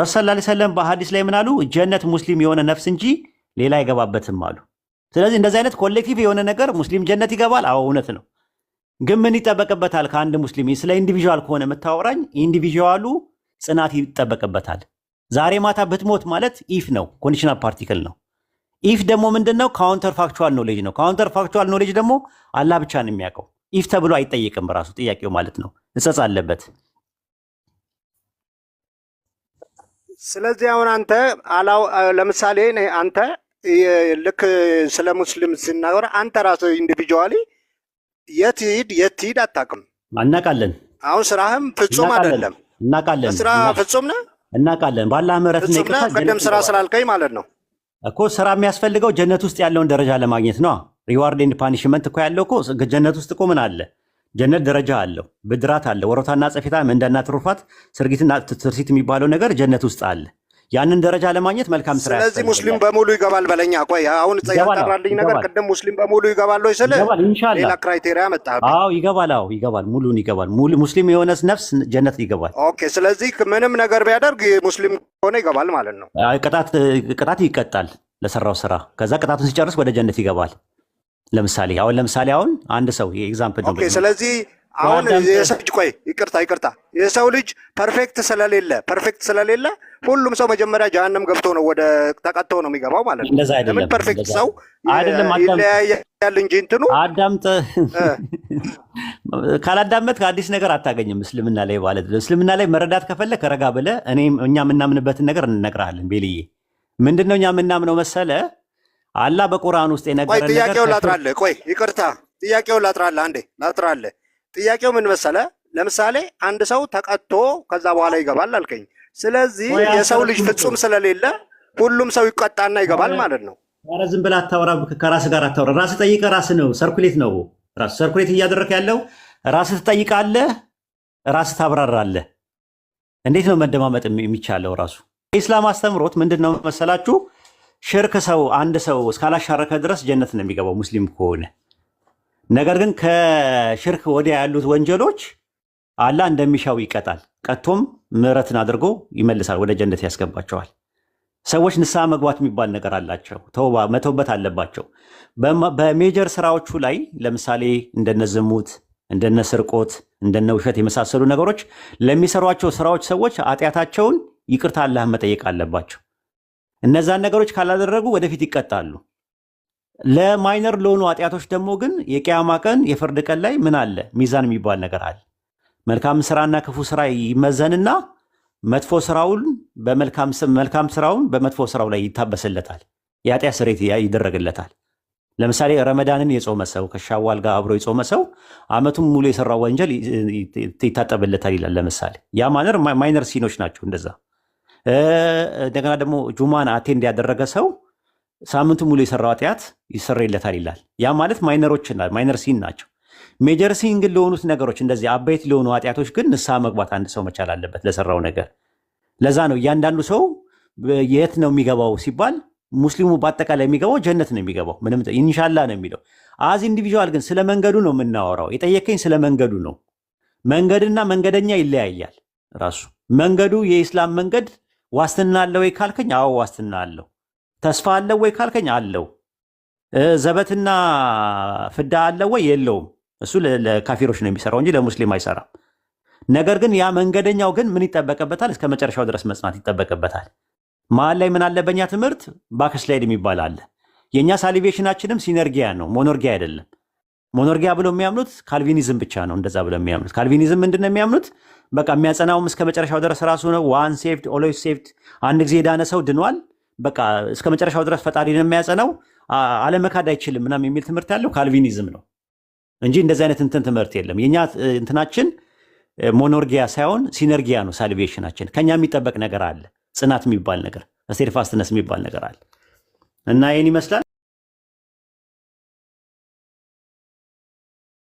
ረሱል ላ ሰለም በሀዲስ ላይ ምናሉ ጀነት ሙስሊም የሆነ ነፍስ እንጂ ሌላ አይገባበትም አሉ። ስለዚህ እንደዚህ አይነት ኮሌክቲቭ የሆነ ነገር ሙስሊም ጀነት ይገባል። አዎ እውነት ነው። ግን ምን ይጠበቅበታል? ከአንድ ሙስሊም ስለ ኢንዲቪዥዋል ከሆነ የምታወራኝ ኢንዲቪዥዋሉ ጽናት ይጠበቅበታል። ዛሬ ማታ ብትሞት ማለት ኢፍ ነው፣ ኮንዲሽናል ፓርቲክል ነው። ኢፍ ደግሞ ምንድን ነው? ካውንተር ፋክቹዋል ኖሌጅ ነው። ካውንተር ፋክቹዋል ኖሌጅ ደግሞ አላህ ብቻ ነው የሚያውቀው። ኢፍ ተብሎ አይጠየቅም። ራሱ ጥያቄው ማለት ነው። እጸጽ አለበት። ስለዚህ አሁን አንተ አላው ለምሳሌ አንተ ልክ ስለ ሙስሊም ሲናገር አንተ ራስህ ኢንዲቪጁዋሊ የት ሂድ የት ሂድ አታውቅም። እናውቃለን። አሁን ስራህም ፍጹም አይደለም። እናውቃለን። ስራ ፍጹም ነህ። እናውቃለን። ባላ ምሕረት ነው። ቅድም ስራ ስላልከኝ ማለት ነው እኮ ስራ የሚያስፈልገው ጀነት ውስጥ ያለውን ደረጃ ለማግኘት ነው። ሪዋርድ ኤንድ ፓኒሽመንት እኮ ያለው እኮ ጀነት ውስጥ እኮ ምን አለ? ጀነት ደረጃ አለው፣ ብድራት አለ፣ ወሮታና ጸፌታ፣ ምንዳና ትሩፋት፣ ስርጊትና ትርሲት የሚባለው ነገር ጀነት ውስጥ አለ። ያንን ደረጃ ለማግኘት መልካም ስራ። ስለዚህ ሙስሊም በሙሉ ይገባል በለኛ። ቆይ አሁን ያጠራልኝ ነገር ቅድም ሙስሊም በሙሉ ይገባል ወይ ስለ ሌላ ክራይቴሪያ መጣ። አዎ ይገባል፣ አዎ ይገባል፣ ሙሉን ይገባል። ሙስሊም የሆነ ነፍስ ጀነት ይገባል። ኦኬ። ስለዚህ ምንም ነገር ቢያደርግ ሙስሊም ሆነ ይገባል ማለት ነው። ቅጣት ይቀጣል ለሰራው ስራ። ከዛ ቅጣቱን ሲጨርስ ወደ ጀነት ይገባል። ለምሳሌ አሁን ለምሳሌ አሁን አንድ ሰው ኤግዛምፕል ነው። ስለዚህ አሁን የሰው ልጅ ቆይ ይቅርታ ይቅርታ፣ የሰው ልጅ ፐርፌክት ስለሌለ ፐርፌክት ስለሌለ ሁሉም ሰው መጀመሪያ ጀሃነም ገብቶ ነው ወደ ተቀጥቶ ነው የሚገባው ማለት ነው። እንደዛ አይደለም። ፐርፌክት ሰው አይደለም ይለያያል እንጂ እንትኑ አዳምጥ ካላዳመጥ ከአዲስ ነገር አታገኝም። እስልምና ላይ ማለት ነው። እስልምና ላይ መረዳት ከፈለ ከረጋ ብለ እኔ እኛ የምናምንበትን ነገር እንነግርሃለን። ቤልዬ ምንድን ነው እኛ የምናምነው መሰለ አላህ በቁርአን ውስጥ የነገረ ነገር ጥያቄው ላጥራለ ቆይ ይቅርታ፣ ጥያቄው ላጥራለ አንዴ ላጥራለ ጥያቄው ምን መሰለ ለምሳሌ አንድ ሰው ተቀጥቶ ከዛ በኋላ ይገባል አልከኝ። ስለዚህ የሰው ልጅ ፍጹም ስለሌለ ሁሉም ሰው ይቀጣና ይገባል ማለት ነው። ኧረ ዝም ብለህ አታወራ ከራስ ጋር አታወራ ራስ ጠይቀ ራስ ነው። ሰርኩሌት ነው ራስ ሰርኩሌት እያደረግህ ያለው ራስ ትጠይቃለህ፣ ራስ ታብራራለህ። እንዴት ነው መደማመጥ የሚቻለው? ራሱ የኢስላም አስተምሮት ምንድን ነው መሰላችሁ ሽርክ ሰው አንድ ሰው እስካላሻረከ ድረስ ጀነት ነው የሚገባው ሙስሊም ከሆነ። ነገር ግን ከሽርክ ወዲያ ያሉት ወንጀሎች አላህ እንደሚሻው ይቀጣል። ቀጥቶም ምሕረትን አድርጎ ይመልሳል፣ ወደ ጀነት ያስገባቸዋል። ሰዎች ንስሐ መግባት የሚባል ነገር አላቸው፣ ተውባ መተውበት አለባቸው። በሜጀር ስራዎቹ ላይ ለምሳሌ እንደነ ዝሙት፣ እንደነ ስርቆት፣ እንደነ ውሸት የመሳሰሉ ነገሮች ለሚሰሯቸው ስራዎች ሰዎች አጢአታቸውን ይቅርታ አላህ መጠየቅ አለባቸው። እነዛን ነገሮች ካላደረጉ ወደፊት ይቀጣሉ። ለማይነር ለሆኑ ኃጢአቶች ደግሞ ግን የቅያማ ቀን የፍርድ ቀን ላይ ምን አለ? ሚዛን የሚባል ነገር አለ። መልካም ስራና ክፉ ስራ ይመዘንና መጥፎ ስራውን መልካም ስራውን በመጥፎ ስራው ላይ ይታበስለታል፣ የኃጢአት ስሬት ይደረግለታል። ለምሳሌ ረመዳንን የጾመ ሰው ከሻዋል ጋር አብሮ የጾመ ሰው አመቱን ሙሉ የሰራው ወንጀል ይታጠብለታል ይላል። ለምሳሌ ያ ማነር ማይነር ሲኖች ናቸው እንደዛ እንደገና ደግሞ ጁማን አቴንድ ያደረገ ሰው ሳምንቱ ሙሉ የሰራው አጥያት ይሰረይለታል ይላል። ያ ማለት ማይነሮች ማይነር ሲን ናቸው። ሜጀር ሲን ግን ለሆኑት ነገሮች እንደዚህ አበይት ለሆኑ አጥያቶች ግን ንስሐ መግባት አንድ ሰው መቻል አለበት ለሰራው ነገር። ለዛ ነው እያንዳንዱ ሰው የት ነው የሚገባው ሲባል ሙስሊሙ በአጠቃላይ የሚገባው ጀነት ነው የሚገባው ምንም ኢንሻላ ነው የሚለው። አዝ ኢንዲቪዥዋል ግን ስለ መንገዱ ነው የምናወራው። የጠየከኝ ስለ መንገዱ ነው። መንገድና መንገደኛ ይለያያል። ራሱ መንገዱ የኢስላም መንገድ ዋስትና አለ ወይ ካልከኝ፣ አዎ ዋስትና አለው። ተስፋ አለ ወይ ካልከኝ፣ አለው። ዘበትና ፍዳ አለ ወይ? የለውም። እሱ ለካፊሮች ነው የሚሰራው እንጂ ለሙስሊም አይሰራም። ነገር ግን ያ መንገደኛው ግን ምን ይጠበቅበታል? እስከ መጨረሻው ድረስ መጽናት ይጠበቅበታል። መሀል ላይ ምን አለ? በእኛ ትምህርት ባክስላይድ የሚባል አለ። የእኛ ሳሊቬሽናችንም ሲነርጊያ ነው፣ ሞኖርጊያ አይደለም። ሞኖርጊያ ብለው የሚያምኑት ካልቪኒዝም ብቻ ነው። እንደዛ ብለው የሚያምኑት ካልቪኒዝም ምንድነው የሚያምኑት? በቃ የሚያጸናውም እስከ መጨረሻው ድረስ ራሱ ነው። ዋን ሴቭድ ኦሎይስ ሴቭድ፣ አንድ ጊዜ የዳነ ሰው ድኗል። በቃ እስከ መጨረሻው ድረስ ፈጣሪ ነው የሚያጸናው፣ አለመካድ አይችልም ምናምን የሚል ትምህርት ያለው ካልቪኒዝም ነው እንጂ እንደዚህ አይነት እንትን ትምህርት የለም። የእኛ እንትናችን ሞኖርጊያ ሳይሆን ሲነርጊያ ነው። ሳልቬሽናችን ከኛ የሚጠበቅ ነገር አለ፣ ጽናት የሚባል ነገር፣ ስቴድፋስትነስ የሚባል ነገር አለ እና ይህን ይመስላል።